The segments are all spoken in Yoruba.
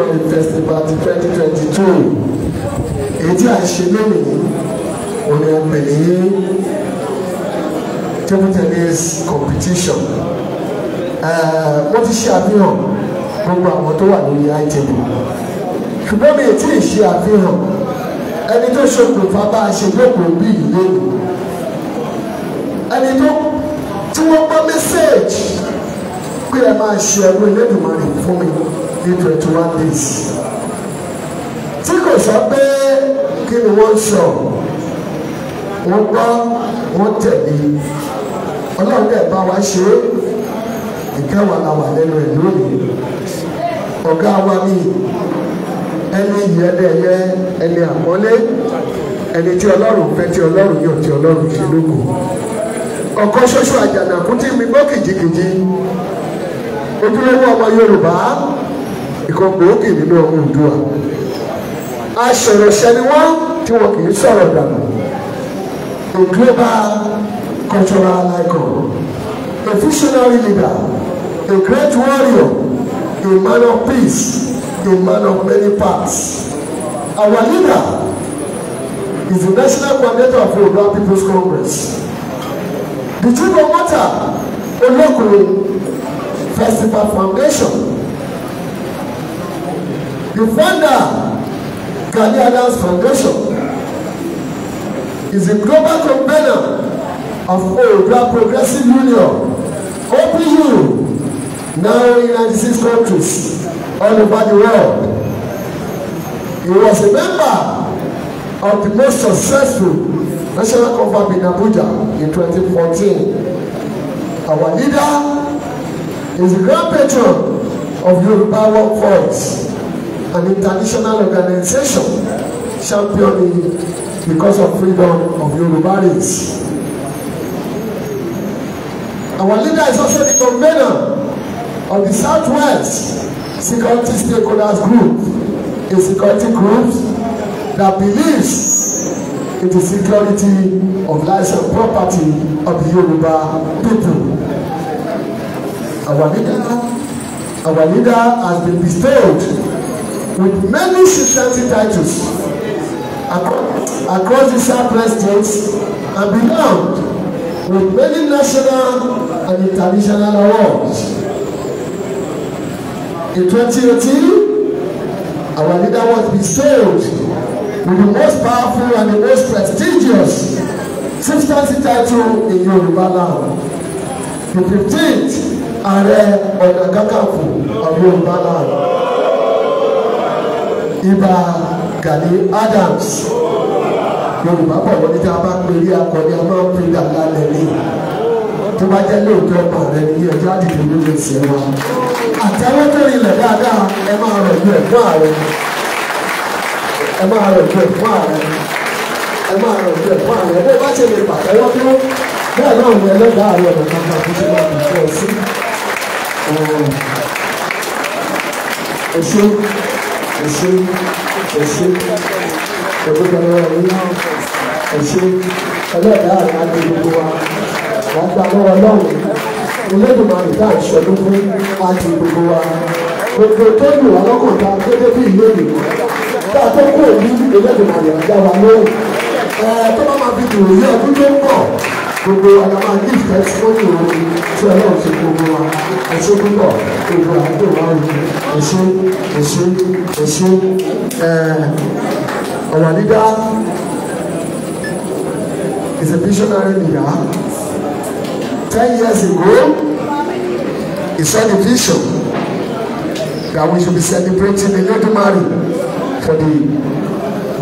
economic festival ti twenty twenty two èyí tí a ṣe lónìí òní ọ̀pẹ̀ ní table tennis competition wọ́n ti ṣe àfihàn gbogbo àwọn tó wà lórí itable ṣùgbọ́n mi ò tí ì ṣe àfihàn ẹni tó ṣokùnfà bá a ṣe lóko bí ìlú ẹni tó tí wọ́n gbọ́ mẹ́sẹ̀gì pé ẹ máa ṣe ẹ̀rọ Elédùmarè fún mi ní twenty one days tí kò sọ pé kí ni wọ́n sọ wọ́n gbọ́ wọ́n tẹ̀lé ọlọ́run dẹ̀ bá wa ṣe é ìkẹwàá la wà lẹ́nu ẹ̀ lónìí ọ̀gá wa mi ẹni yìí ẹni ẹ̀yẹ ẹni àpọ́nlé ẹni tí ọlọ́run fẹ́ tí ọlọ́run yàn tí ọlọ́run ṣe lóko ọ̀kan ṣoṣo àjànàkú tí mi gbọ́ kìjikìji ojúlówó ọmọ yorùbá nǹkan gbòógì nínú ọmọ Oòduà aṣọ̀rọ̀ṣẹ́ ni wọ́n tí wọn kì í sọ̀rọ̀ dànù a global cultural icon a visionary leader a great warrior a man of peace a man of many parts our leader is the national coordinator of Oodua People's Congress the chief of water Olokun Festival Foundation. The founder, Gani Adams Foundation, is a global convener of Oodua Progressive Union, OPU, now in 96 countries all over the world. He was a member of the most successful national conference in Abuja in 2014. Our leader is the grand patron of Yoruba Workforce an international organization championing the cause of freedom of Yoruba race. Our leader is also the convener of the Southwest Security Stakeholders Group, a security group that believes in the security of lives and property of the Yoruba people. Our leader, our leader has been bestowed with many sixty titles across the southwest states and beyond with many national and international awards. In 2018, our leader was bestowed with the most powerful and the most prestigious sixty title in Yoruba land. The 15th Ààrẹ Ọ̀nà Kakanfò of Yoruba land. Ibà Gani Adams Yorùbá bọ̀ wọ́n ní tí a bá pe ilé akọni a máa ń pe dàgbà lẹ́lẹ́ tó bá jẹ́ lóòótọ́ ọmọ rẹ ní ẹjọ́ àdìgbò ló lè ṣe wa àtẹwọ́ tó rinlẹ̀ dáadáa ẹ máa rọ̀ ju ẹ̀fọ́ ààrẹ ẹ máa rọ̀ ju ẹ̀fọ́ ààrẹ ẹ máa rọ̀ ju ẹ̀fọ́ ààrẹ bó bá ṣe lè pàtẹ́wọ́ dúró bẹ́ẹ̀ náà wọ ẹlẹ́gbàá ààrẹ ọ̀nà kan máa fi ṣe máa bì fún ọ sí. ẹ ṣe ẹ ṣé ẹ ṣé ẹdúpẹ́ lọ́wọ́ yín ẹ ṣé ẹlẹ́dàá àgbàdo gbogbo wa lágbà lọ́wọ́ lọ́wọ́ olódùmarè tá à ń ṣọdún fún àti gbogbo wa gbogbo tó lù wá lọ́kàn ta gẹ́gẹ́ bí ìlú èdè tá a tó kó òbí olódùmarè àgbà wa lóhùn ẹ tó bá máa fi dùn òye ọdún tó gbogbo àyàmá ní ìfẹ́ tí wọ́n ní ìròyìn tí ọlọ́run ti gbogbo wa ẹ̀ṣọ́ púpọ̀ gbogbo àdúgbò wa rèé ẹ̀ṣọ́ ẹ̀ṣọ́ ẹ̀ṣọ́ ọ̀rọ̀ dídá is a visionary leader ten years ago he saw the vision that we should be celebrating the Olódùmarè for the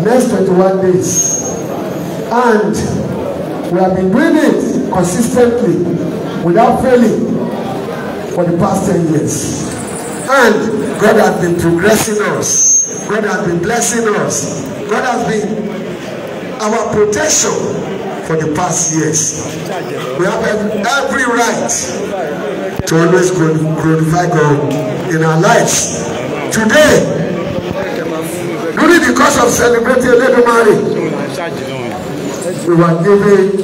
next twenty-one days and. We have been doing it consistently without failing for the past ten years. And God has been progressing us. God has been blessing us. God has been our protection for the past years. We have every right to always glorify God in our lives. Today, during the course of celebrating Lady Mary, We were given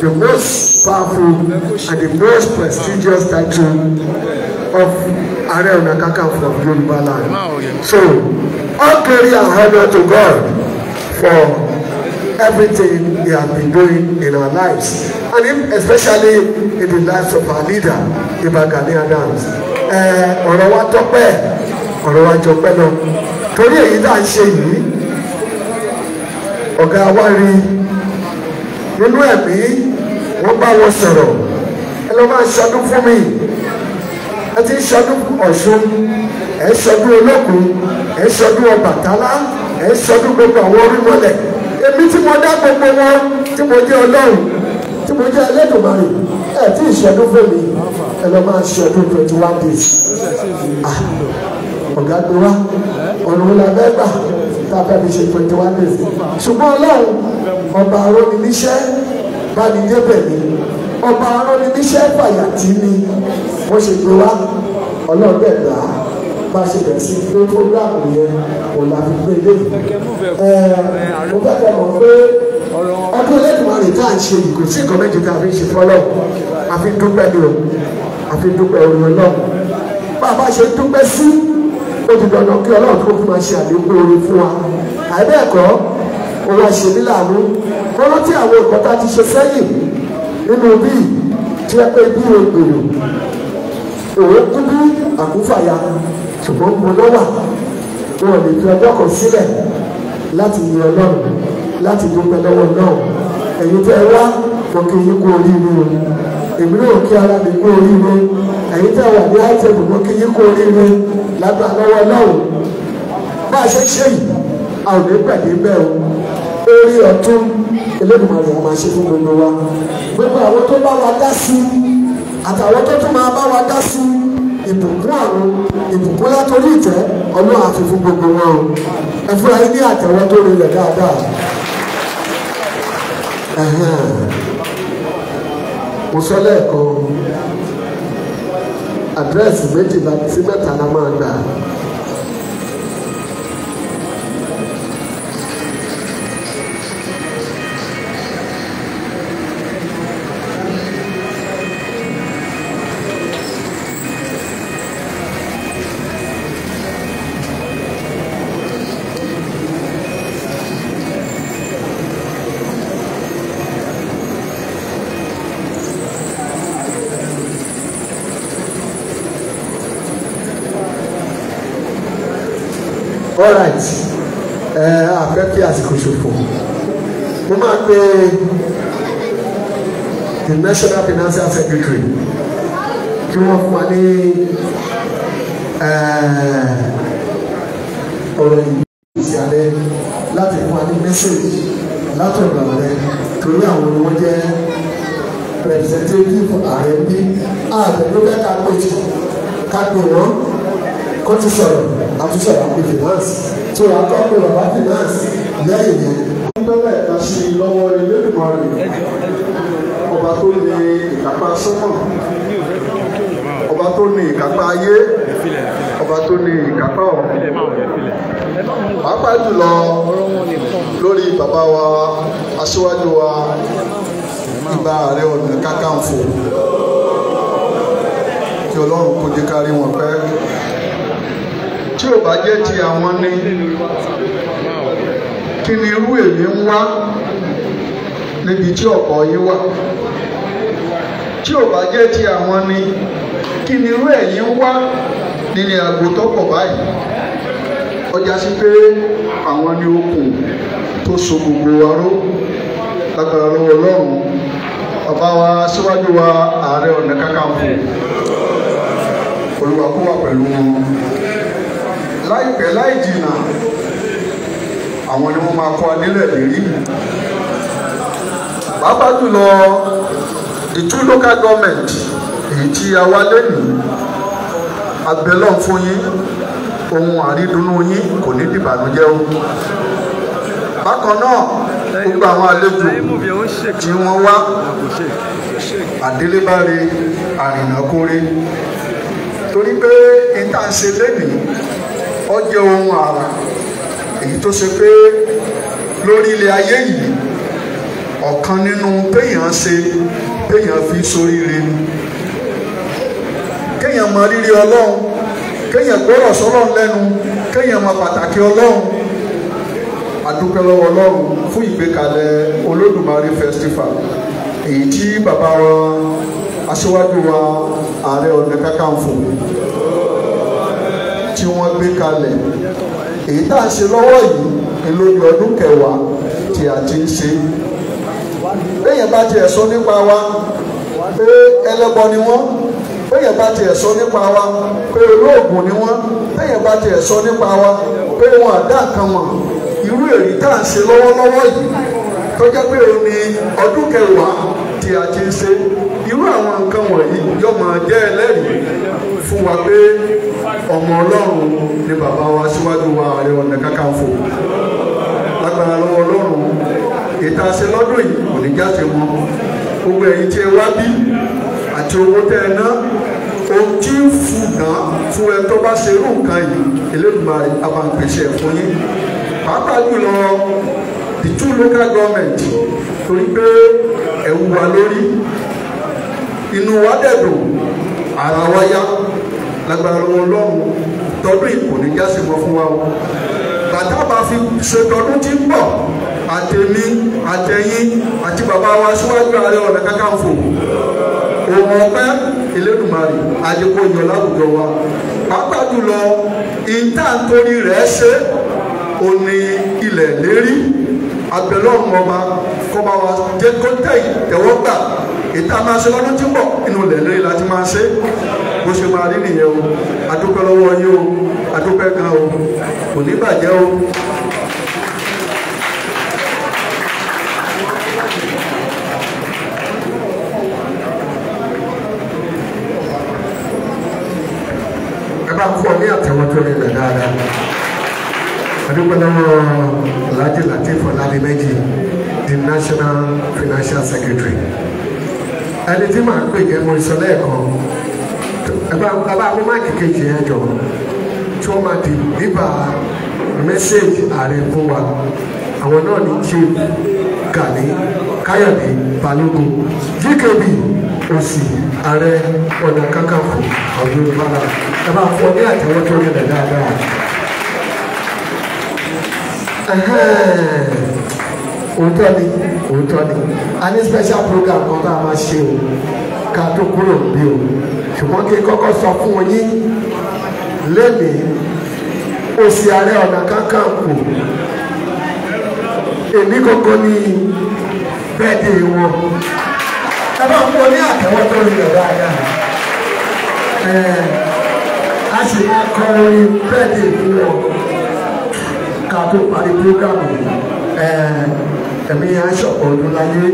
the most powerful and the most prestigious title of Ààrẹ Ọ̀nà Kakanfò of land. So, all glory and honor to God for everything he has been doing in our lives and him especially in the lives of our leader Iba Gani Adams. ọ̀rọ̀ wa tọ́pẹ́ ọ̀rọ̀ wa jọpẹ́ lọ torí èyí tá ṣe yìí ọ̀gá wa rí i nínú ẹ̀mí wọ́n bá wọn sọ̀rọ̀ ẹ lọ́ máa ṣọdún fún mi ẹ ti ń ṣọdún Ọ̀ṣun ẹ ṣọdún Olókun ẹ ṣọdún Ọbàtálá ẹ ṣọdún gbogbo àwọn orímọlẹ̀ èmi tí mo dá gbogbo wọn tí mo jẹ́ Ọlọ́run tí mo jẹ́ Ẹlẹ́dùmarè ẹ ti ṣọdún fún mi ẹ lọ́ máa ṣọdún twenty one days ah, ọ̀gá gbé wá ọ̀run la fẹ́ gbà tá a fẹ́ fi ṣe twenty one days ṣùgbọ́n Ọlọ́run ọba aróniníṣẹ́ báni débẹ̀ mi ọba aróniníṣẹ́ fàyàtì mi mo ṣètò wa ọlọ́ọ̀dẹ̀ gbà á bá ṣe bẹ̀rẹ̀ sí pé fúlàmù yẹn kò láfi gbé lé mo fẹ́ kẹ́ mọ̀ pé ọdún Elédùmarè tá à ń ṣe yìí kò sí nǹkan méje tá a fi ń ṣe fọ́lọ́ àfi dúpẹ́ ni o àfi dúpẹ́ orin ọlọ́run bá a bá ṣe dúpẹ́ sí ó ti dandan kí ọlọ́run tó fún wa ṣe àlékún orin fún wa àìbẹ́ẹ̀kọ́ olú ẹ̀ṣẹ̀ mi láàánú kọ́lọ́ tí àwọn nǹkan tá a ti ṣe sẹ́yìn nínú bíi tí ẹ pé bí o gbèrò òun kú bí àkúfàyà ṣùgbọ́n mo lọ wà wọn ò lè fi ọjọ́ kan sílẹ̀ láti yin ọlọ́run láti dúpẹ́ lọ́wọ́ náà ẹ̀yin tẹ́ ẹ wá mo kí yín kú oríire o èmi náà kí ara mi kú oríire ẹ̀yin tẹ́ wà ní àìsèkù mo kí yín kú oríire lágbà lọ́wọ́ náà bá a ṣe ṣe yìí a ò ní gbàdé bẹ́ẹ̀ o orí ọ̀tún Elédùmarè wọn máa ṣe fún gbogbo wa gbogbo àwọn tó bá wa dá sí àtàwọn tó tún máa bá wa dá sí ìbùkún àwọn ìbùkún látòrí ìtẹ́ Ọlọ́run àfi fún gbogbo wọn o ẹ fúra yín ní àtẹ̀wọ́ tó rinlẹ̀ dáadáa mo sọ lẹ́ẹ̀kan àdírẹ́sì méjìlá sí mẹ́ta la máa gbà. all right ẹ àfẹ́fẹ́ àsìkò ṣòfò mo máa pe the national financial secretary kí wọ́n fún wa ní ọ̀rọ̀ ìgbésí alẹ́ láti fún wa ní mẹ́sẹ̀gì látọ̀dọ̀ rẹ torí àwọn ni wọ́n jẹ́ representative ààrẹ bí ààrẹ ló fẹ́ ká pè ká pè wọ́n kó ti sọ̀rọ̀ àtúnṣe àpè finance tó yà kọ́ pé bàbá finance lẹ́yìn yẹn. pẹ́lẹ́ ká sí lọ́wọ́ Elédùmarè ọba tó ní ìkápá sọ́kàn ọba tó ní ìkápá ayé ọba tó ní ìkápá ọ̀run pàápàá jùlọ lórí bàbá wa aṣíwájú wa ìgbà Ààrẹ Ọ̀nà Kakanfò kí Ọlọ́run kó jẹ́ ká rí wọn pẹ́ tí ò bá jẹ́ ti àwọn ni kí ni irú èmi ń wá níbi tí ọ̀pọ̀ yín wà tí ò bá jẹ́ ti àwọn ni kí ni irú ẹ̀yin ń wá nínú àgbo tọ́pọ̀ báyìí ọjà sí pé àwọn ni okùn tó so gbogbo wa ró lágbára lọ́wọ́ ọlọ́run bàbá wa síwájú wa ààrẹ ọ̀nà kakanfò olùwàkúwà pẹ̀lú wọn láìpẹ́ láì jìnnà àwọn ni wọ́n máa kọ́ adílẹ̀ lérí pàápàá jùlọ the local government èyí tí a wá lẹ́nu abẹ́lọ́ fún yín ohun àrídùnnú yín kò ní dìbànújẹ́ o bákan náà gbogbo àwọn àlejò tí wọ́n wá àdélébáre àrìnàkóre torí pé ìtànṣe lẹ́nìí ó jẹ́ ohun àrà èyí tó ṣe pé lórí ilẹ̀ ayé yìí ọ̀kan nínú péyàn ṣe péyàn fi soríire kéèyàn mọ rírì ọlọ́run kéèyàn gbọ́rọ̀ sọ́lọ́run lẹ́nu kéèyàn mọ pàtàkì ọlọ́run adúpẹ́ lọ́wọ́ ọlọ́run fún ìgbékalẹ̀ olódùmarè festival èyí tí bàbá wa aṣíwájú wa ààrẹ ọ̀nà kakanfò tí wọ́n gbé kalẹ̀ èyí tá à ń ṣe lọ́wọ́ yìí ìlóyè ọdún kẹwàá tí a ti ń ṣe lẹ́yìn bá tiẹ̀ sọ nípa wa pé ẹlẹ́bọ ni wọ́n lẹ́yìn bá tiẹ̀ sọ nípa wa pé olóògùn ni wọ́n lẹ́yìn bá tiẹ̀ sọ nípa wa pé wọn àdá kan mọ̀ irú èyí tá à ń ṣe lọ́wọ́lọ́wọ́ yìí tó jẹ́ pé òun ni ọdún kẹwàá tí a ti ń ṣe irú àwọn nǹkan wọ̀nyí yóò máa jẹ́ ẹlẹ́rìí fún wa pé ọmọ ọlọ́run ni bàbá wa síwájú wa Ààrẹ Ọ̀nà Kakanfò lágbára lọ́wọ́ ọlọ́run ètò àṣẹ lọ́dún yìí kò ní jáde mọ́ gbogbo ẹ̀yin tí ẹ wá bí àti owó tẹ́ ẹ ná ohun tí fún ẹ tó bá ṣe irú nǹkan yìí Elédùmarè abàǹpẹ̀ṣẹ̀ fún yín pàápàá jùlọ the two local government torí pé ẹ̀wù wa lórí inú wa dẹ̀dùn ara wa yá lágbára wọn lọ́rùn tọdún ìkò ní jásí mọ́ fún wa o bàtà bá fi ṣe tọdún tí ń bọ̀ àtẹ̀mí àtẹ̀yìn àti bàbá wa síwájú ààrẹ ọ̀nà kakanfò òun ọpẹ́ Elédùmarè àdìpọ̀ ìyọ̀ láwùjọ wa pàápàá jùlọ ìta nítorí rẹ̀ ṣe òní ilẹ̀ lérí àgbẹ̀lọ́run ọba kọba wa jẹ́ kọ́ńtà ìtẹ̀wọ́gbà ìta máa ṣe lọ́dún tí ń bọ̀ inú lẹ́lẹ́rìí la ti máa ṣe bó ṣe máa rí nìyẹn o àdúpẹ́ lọ́wọ́ yín o àdúpẹ́ gan o kò ní bàjẹ́ o. ẹ bá ń kọ́ ní àtẹ̀wọ́tò nílẹ̀ dáadáa adúgbòlọ́wọ́ Alhaji Lateef Ọládìmẹ́jì the national financial secretary ẹni tí màá pè jẹ́ mo sọ lẹ́ẹ̀kan bàbá mi má kékeré yẹn jọ tí wọ́n máa di bíbà mẹ́sẹ̀gì ààrẹ fún wa àwọn náà ní chief Gani Káyọ̀dé Balógun GKB òsì ààrẹ ọ̀nà kakanfò ọ̀dọ́ ìbára ẹ bá fọ ní àtẹwọ́tò rẹ̀ dáadáa òótọ́ ni òótọ́ ni a ní special program kan tá a máa ṣe o ká tó kúrò bí o ṣùgbọ́n kí n kọ́kọ́ sọ fún yín lẹ́nìí òsì ààrẹ ọ̀nà kakanfò èmi gbogbo ni bẹ́ẹ̀dì wọn ẹ bá ń wọ ní àtẹwọ́ tó rí rẹ̀ dáadáa ẹ a sì máa kọ orin bẹ́ẹ̀dì fún wọn ká tó parí programu ẹ̀mí aṣọ̀pọ̀ ọdún láyé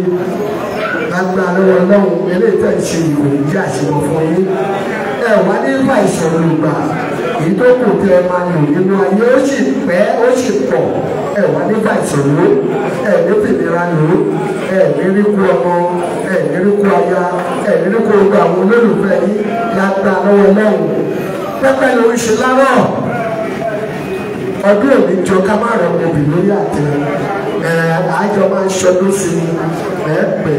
lágbára lọ́wọ́ ọlọ́run eléyìí tẹ̀ ṣe ìwé ìdí àṣìwọ̀ fún yín ẹ wá ní ìfà ìṣòro ìgbà èyí tó kù tẹ ẹ máa lò nínú ayé ó sì pẹ́ ó sì pọ̀ ẹ wá ní ìfà ìṣòro ẹ ní fìlera lò ẹ ní ríkú ọmọ ẹ ní ríkú aya ẹ ní ríkú gbogbo àwọn olólùfẹ́ yín lágbára lọ́wọ́ ọlọ́run pẹ́pẹ́ ló ń ṣe lárọ̀ ọdún èmi jọ ká má rọ obì lórí àtẹ ẹ àjọ máa ń ṣọdún sí i ẹ pẹ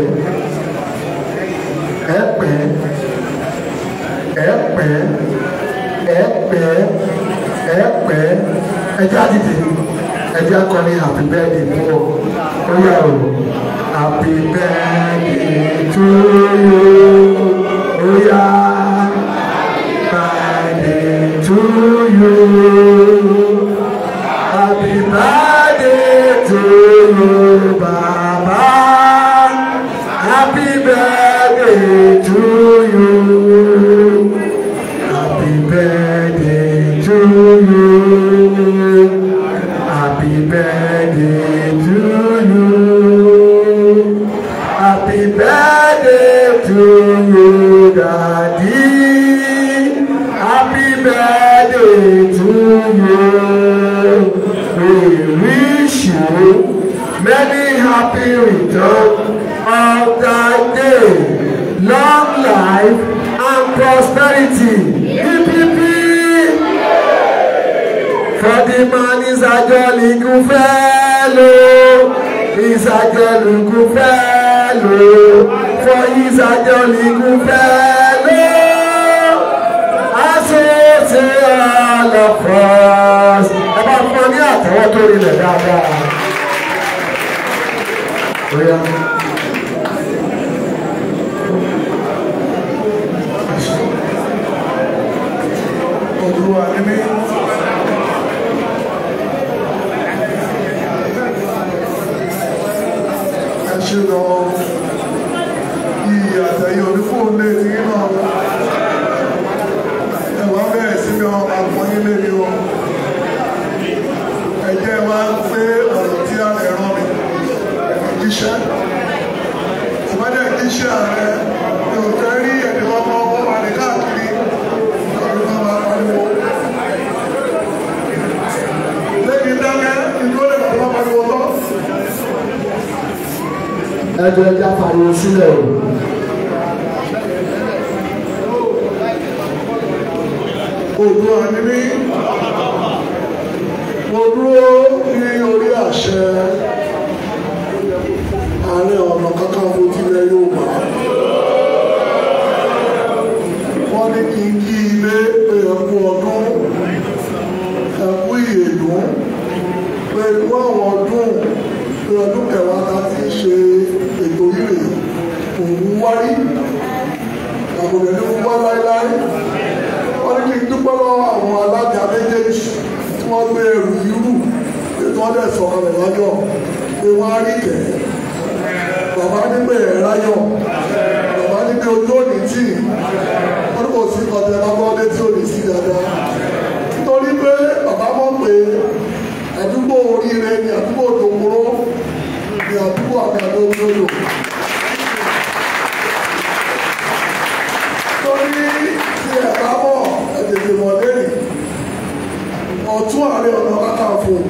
ẹ pẹ ẹ pẹ ẹ pẹ ẹ pẹ ẹjọ àdìdì ẹjọ akọni happy birthday fún ọ ó yà ó happy birthday to you ó yà. Many happy returns of thy day. Long life and prosperity. PPP. For the man is a jolly good fellow. Is a jolly good fellow. For he's a jolly good fellow. As say, say all of us. Ẹ bá fún ọ ní àtẹ̀wọ́ tó prayer. Olúwa ni mí. Ẹ ṣe lọ. dájọ́ ẹja fariwo sílẹ̀ o. Òdúrà ni mí. Mo dúró ní orí àṣẹ Ààrẹ Ọ̀nà Kakanfò tilẹ̀ Yorùbá. Wọ́n ní kí n kí ilé. wá rí ìtẹ̀ bàbá ní pé ẹ̀ ráyọ̀ bàbá ní pé ojú òní tì wọ́n kò sí kọ̀tẹ́ bàbá ọdẹ tí ò ní sí dáadáa nítorí pé bàbá mọ̀ pé àdúgbò oríire ni àdúgbò òdòmúró ni àdúgbò àgbàdo olódò. torí ti ẹ̀ka mọ̀ ẹ̀dẹ̀dẹ̀ mọ̀ lẹ́yìn ọ̀tún ààrẹ ọ̀nà kàkàfọ̀.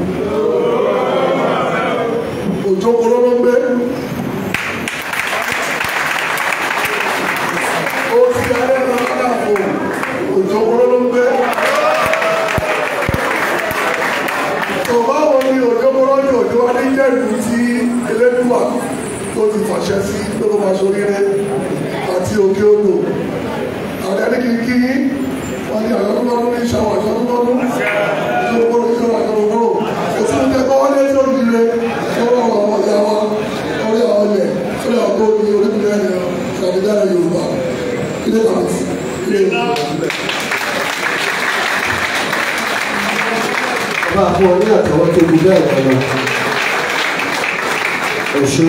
ẹ ṣe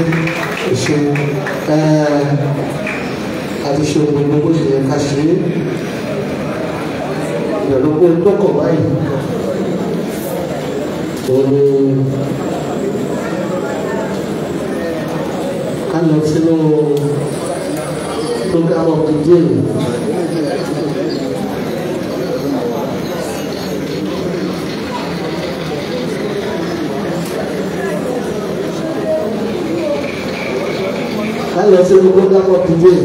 ẹ ṣe ẹ àti ṣe gbogbo bó ṣe yẹ ká ṣe é ìrọ̀lú pé báyìí òun ni ká lọ sínú program of the day. you say we go down for today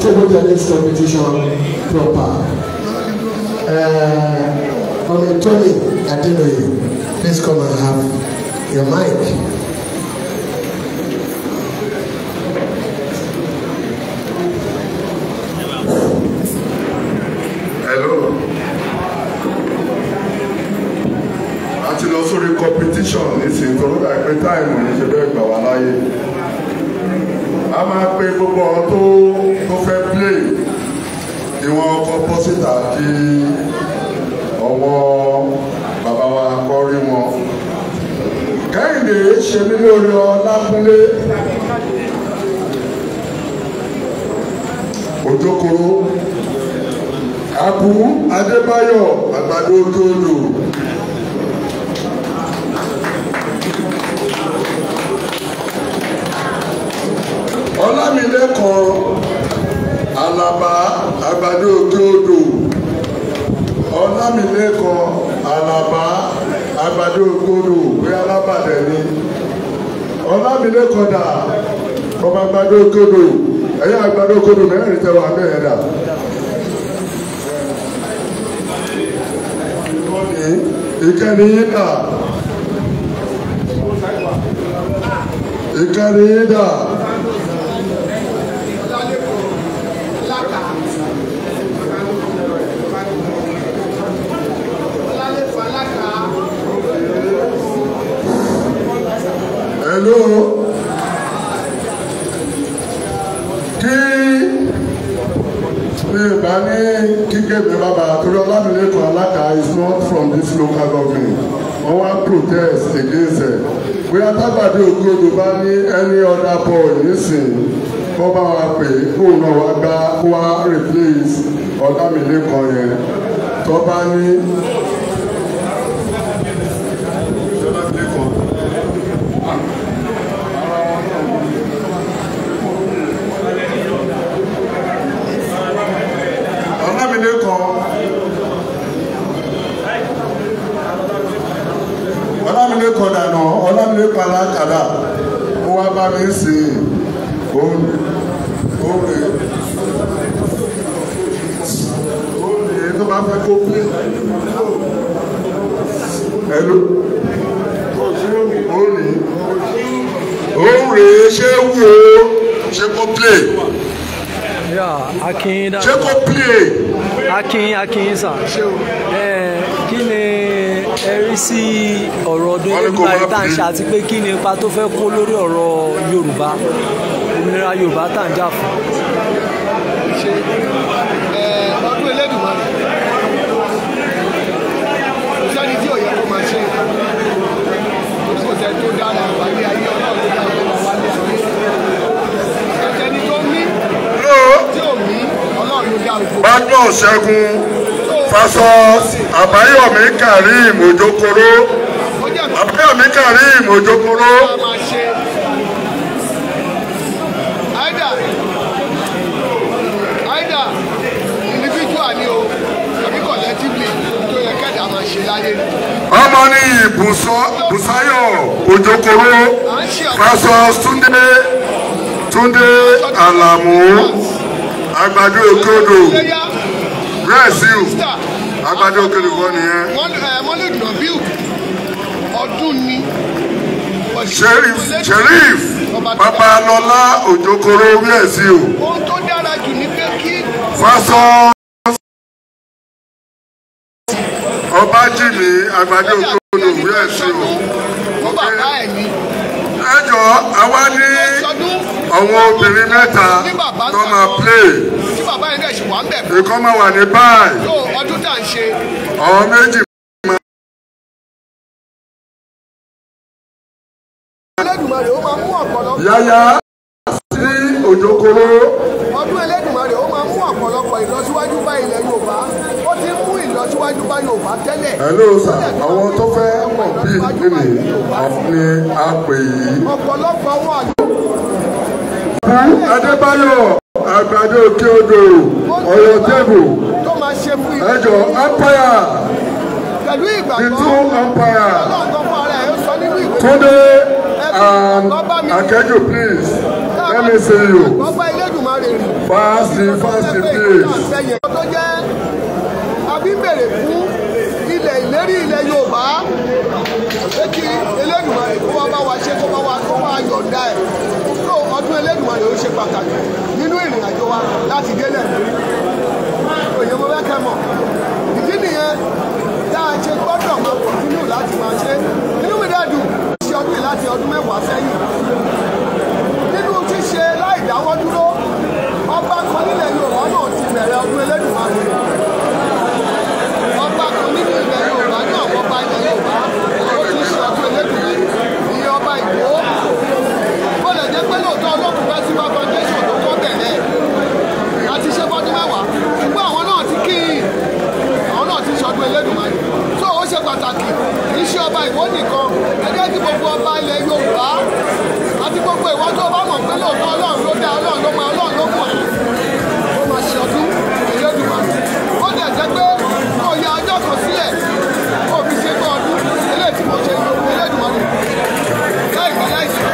table tennis competition proper uh, on the twenty please come and have your mic. competition nísìnyí tó ló dà pé olórí ọlákúnlé òjòkòrò àbú adébáyọ̀ àgbàdo tóòlù. ọlámilẹ́kan alaba àgbàdo tóòlù ọlámilẹ́kan alaba àgbàdo tóòlù pé alábàdàn ni. Ọlámilékan dà ọmọ àgbàdo kodo ẹ̀yà àgbàdo kodo mẹ́rin tẹ́wọ́ abẹ́rẹ́ dà. ìkànnì yín dà ìkànnì yín dà. pẹ̀lú kí mi bá ní kíkéde bàbá torí ọlámilẹ́kọ̀ọ́ alága is not from this local government wọ́n wá protest against ẹ̀ bóyá tábàdé ògbódò bá ní any other boy nísìnyí kọ́ bá wa pè é kóun náà wá gbá wá replace ọlámilẹ́kọ̀ọ́ yẹn tó bá ní. rèé ṣé wò ó ṣé kò play. ṣé kò play. akin akin sà eh, kí ni ẹ sí ọ̀rọ̀ ọdún yorùbá yìí tá à ṣe àti pé kí ni ipa tó fẹ́ kó lórí ọ̀rọ̀ yorùbá òmìnira yorùbá tá à jà fún. Magnus Ṣẹ́gun Fásọ Àbáyọ̀mí Karim Òjòkòrò Àbáyọ̀mí Karim Òjòkòrò. ọmọ ní Bùsáyọ̀ Òjòkòrò Fásọ Túndé Túndé Àlàmú àgbàdo Okodo, bless you. òkodo wọ́n nìyẹn. wọ́n lè dùn bí ọdún ni. sheriff sheriff babalọlá Ojokoro, bless you. tó dára jù ni pé kí. fásán. ọbájìmí àgbàdo òkodo brazil. fún bàbá ẹ̀ ni. ẹ jọ àwa ní àwọn obìnrin mẹ́ta tó máa play ìkan máa wà ní báyìí àwọn méjì máa. yáyá sí òjòkòrò. ọdún Elédùmarè ó máa mú ọ̀pọ̀lọpọ̀ ìlọsíwájú bá ilẹ̀ Yorùbá ó ti mú ìlọsíwájú bá Yorùbá tẹ́lẹ̀. hello sir àwọn tó fẹ́ mọ̀ bíi nínú ni a pè yìí. ọ̀pọ̀lọpọ̀ wọn àjọ. Adébáyọ̀ Àgbàdo Òkè Odò Ọ̀yọ́ Tébù ẹjọ́ Empire the two Empire Túndé and Akeju please let me see you fast fast please darí ilẹ̀ Yorùbá pé kí Elédùmarè kó wá bá wa ṣe kó bá wa kó wá yọ̀ǹda ẹ̀ tó ọdún Elédùmarè ó ṣe pàtàkì nínú ìrìn àjò wa láti délẹ̀ lórí òye mo fẹ́ mọ̀ ìdí nìyẹn tá a ṣe gbọ́dọ̀ máa pọ̀ nínú láti máa ṣe nínú mi ṣe ọdún yìí láti ọdún mẹ́wàá sẹ́yìn nínú ṣíṣe láì dáwọ́ dúró ọba kan nílẹ̀ Yorùbá náà ti bẹ̀rẹ̀ ọdún Elédùmarè pàtàkì kì í ṣe ọba Ìwó nìkan ẹ jẹ́ kí gbogbo ọba ilẹ̀ Yorùbá àti gbogbo ìwà tó bá mọ̀ pé lóòótọ́ Ọlọ́run ló dá Ọlọ́run ló máa Ọlọ́run ló mọ̀ ẹ́ ó máa ṣe ọdún Elédùmarè ó dẹ̀ jẹ́ pé kò ya ọjọ́ kan sílẹ̀ kò fi ṣe pé ọdún eléyìí tí mo ṣe ìlú Elédùmarè láì pẹ́ láì sùn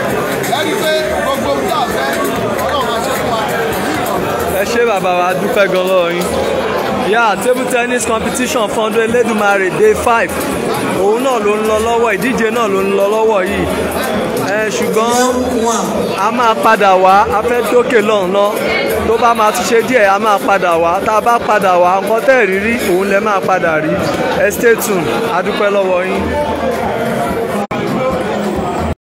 lẹ́rìí pé gbogbo ohun Ọlọ́run máa ṣe fún wa. ẹ ṣé bàbá wa dúpẹ́ gan lọ́wọ́ yín yeah table tennis competition fọ́ndún Elédùmarè day five òun náà ló ń lọ lọ́wọ́ ìdíje náà ló ń lọ lọ́wọ́ yìí ẹ ṣùgbọ́n a máa padà wá a fẹ́ dókè lọ́nà tó bá máa tún ṣe díẹ̀ a máa padà wá tá a bá padà wá nǹkan tẹ́ẹ̀ rírí òun lẹ máa padà rí ẹ stay tuned a dúpẹ́ lọ́wọ́ yín.